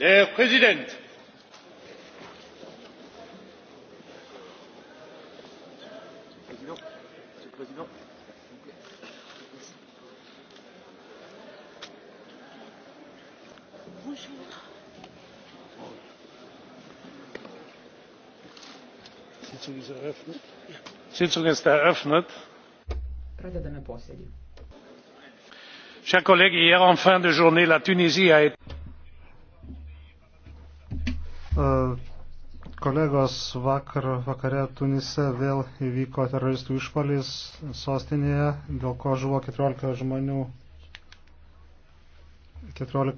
herr präsident! die sitzung ist eröffnet. chers collègues hier en fin de journée la tunisie a été. E, kolegos vakar, vakare Tunise vėl įvyko teroristų išpolis sostinėje, dėl ko žuvo 14 žmonių. 14